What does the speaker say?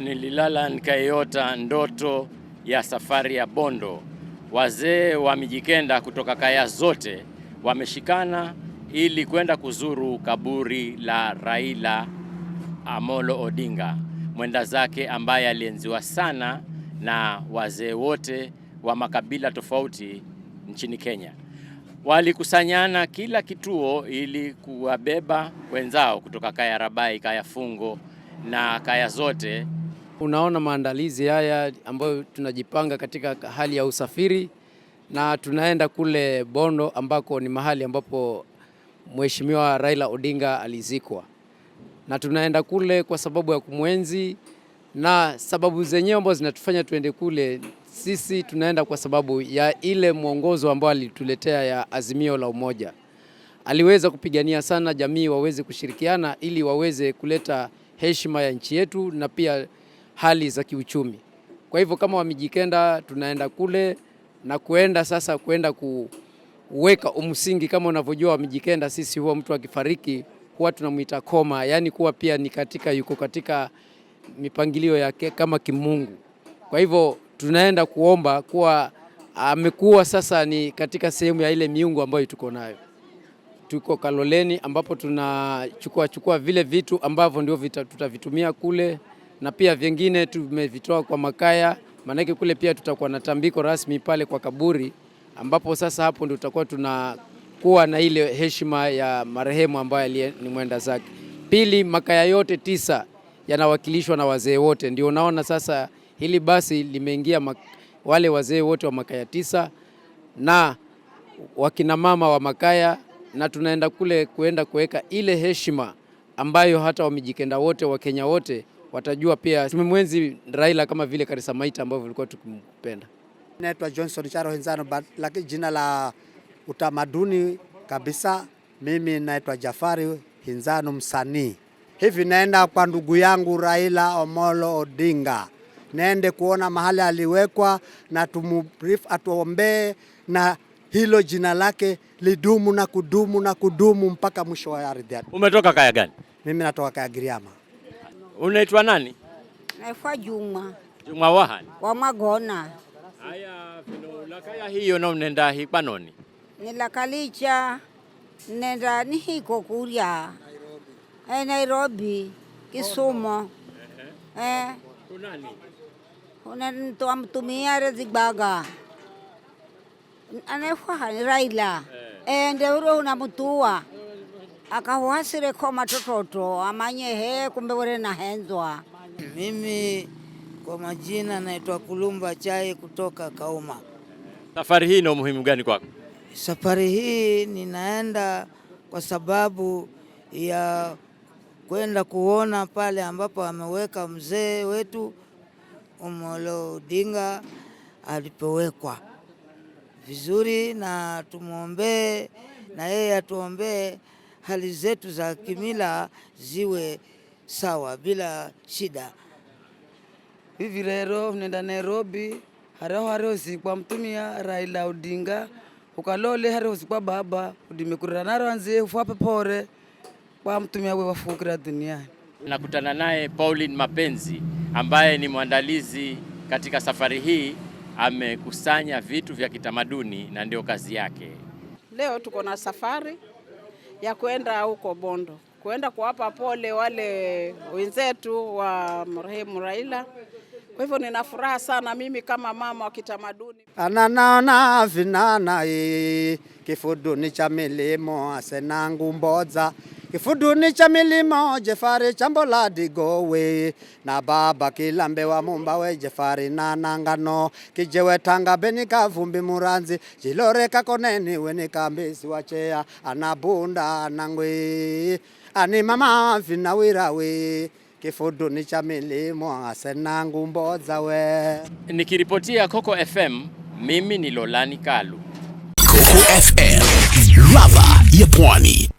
nililala nikaiota ndoto ya safari ya Bondo. Wazee wa Mijikenda kutoka kaya zote wameshikana ili kwenda kuzuru kaburi la Raila Amolo Odinga, mwenda zake ambaye alienziwa sana na wazee wote wa makabila tofauti nchini Kenya. Walikusanyana kila kituo ili kuwabeba wenzao kutoka kaya Rabai, kaya Fungo na kaya zote Unaona maandalizi haya ambayo tunajipanga katika hali ya usafiri na tunaenda kule Bondo ambako ni mahali ambapo Mheshimiwa Raila Odinga alizikwa, na tunaenda kule kwa sababu ya kumwenzi, na sababu zenyewe ambazo zinatufanya tuende kule, sisi tunaenda kwa sababu ya ile mwongozo ambao alituletea ya azimio la umoja. Aliweza kupigania sana jamii waweze kushirikiana ili waweze kuleta heshima ya nchi yetu na pia hali za kiuchumi. Kwa hivyo kama wamejikenda tunaenda kule na kuenda sasa kuenda kuweka umsingi. Kama unavyojua wamejikenda sisi huwa mtu akifariki huwa tunamwita koma, yaani kuwa pia ni katika yuko katika mipangilio yake kama kimungu. Kwa hivyo tunaenda kuomba kuwa amekuwa sasa ni katika sehemu ya ile miungu ambayo tuko nayo. Tuko Kaloleni ambapo tunachukua chukua vile vitu ambavyo ndio tutavitumia kule na pia vingine tumevitoa kwa makaya, maanake kule pia tutakuwa na tambiko rasmi pale kwa kaburi, ambapo sasa hapo ndio tutakuwa tunakuwa na ile heshima ya marehemu ambaye ni mwenda zake. Pili, makaya yote tisa yanawakilishwa na wazee wote, ndio unaona sasa hili basi limeingia wale wazee wote wa makaya tisa na wakinamama wa makaya, na tunaenda kule kuenda kuweka ile heshima ambayo hata wamejikenda wote Wakenya wote watajua pia tumemwenzi Raila kama vile karisa maita ambavyo vilikuwa tukimpenda. Naitwa Johnson Charo Henzano, lakini jina la utamaduni kabisa mimi naitwa Jafari Hinzano, msanii. Hivi naenda kwa ndugu yangu Raila Omolo Odinga, naende kuona mahali aliwekwa na tumubrief, atuombee na hilo jina lake lidumu na kudumu na kudumu mpaka mwisho wa ardhi. Umetoka kaya gani? Mimi natoka kaya Giriama. Unaitwa nani? Naitwa Juma. Juma wahani wa Magona. Haya vino lakaya hiyo na unenda hipanoni nilakalicha nenda nihiko kurya eh, Nairobi, e, Nairobi Kisumo e. Eh. Twamtumia Rezigbaga anefwahani Raila e. Eh. E, ndeuro unamutua akauhasire koma tototo amanye he kumbe were nahenzwa mimi. Kwa majina naitwa Kulumba Chai kutoka Kauma. Safari hii ina umuhimu gani kwako? Safari hii ninaenda kwa sababu ya kwenda kuona pale ambapo ameweka mzee wetu Umolo Odinga alipowekwa vizuri, na tumwombee na yeye atuombee hali zetu za kimila ziwe sawa bila shida. Hivi rero nenda Nairobi haraho harehosi kwa mtumia Raila Odinga ukalole harehosi kwa baba udimekurira naranzie ufwape pore kwa mtumia we wafukira duniani. Nakutana naye Pauline Mapenzi ambaye ni mwandalizi katika safari hii, amekusanya vitu vya kitamaduni na ndio kazi yake. Leo tuko na safari ya kwenda huko Bondo, kuenda kuwapa pole wale wenzetu wa marehemu Raila. Kwa hivyo nina furaha sana mimi kama mama wa kitamaduni. ananaona vinana ee kifuduni cha milimo asenangu mboza Kifuduni cha milimo Jefari chambola digowe na baba kilambe wa mumba we Jefari na nangano kijewe tanga beni vumbi muranzi jilore kakoneni kambisi wachea anabunda nangwe ani mama vinawirawe kifuduni cha milimo asena ngumbo zawe. Nikiripotia Coco FM, mimi ni Lolani Kalu. Coco FM, ladha ya Pwani.